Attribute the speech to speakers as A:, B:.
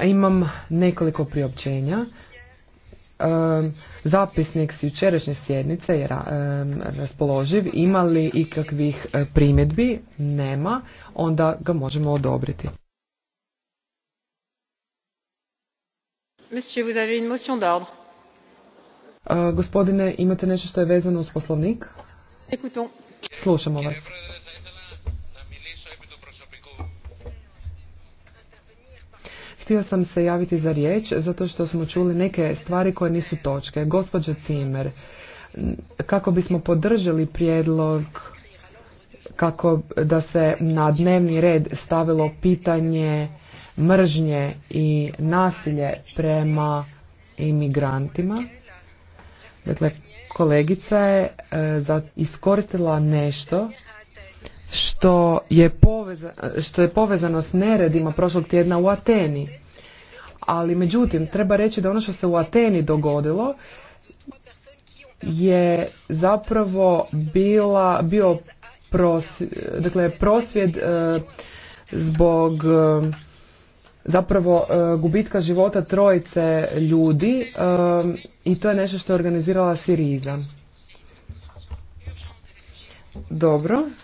A: Imam nekoliko priopćenja. zapisnik s jučerašnje sjednice je raspoloživ. Ima li ikakvih e, primjedbi? Nema. Onda ga možemo odobriti.
B: Monsieur, vous avez une motion d'ordre.
A: E, gospodine, imate nešto što je vezano uz poslovnik? Écoutons. Slušamo vas. Htio sam se javiti za riječ zato što smo čuli neke stvari koje nisu točke. Gospođa Cimer, kako bismo podržali prijedlog kako da se na dnevni red stavilo pitanje mržnje i nasilje prema imigrantima. Dakle, kolegica je e, iskoristila nešto što je, poveza, što je povezano s neredima prošlog tjedna u Ateni ali međutim treba reći da ono što se u Ateni dogodilo je zapravo bila, bio prosvjed, dakle, prosvjed e, zbog e, zapravo e, gubitka života trojice ljudi i to je nešto što je organizirala Siriza. Dobro,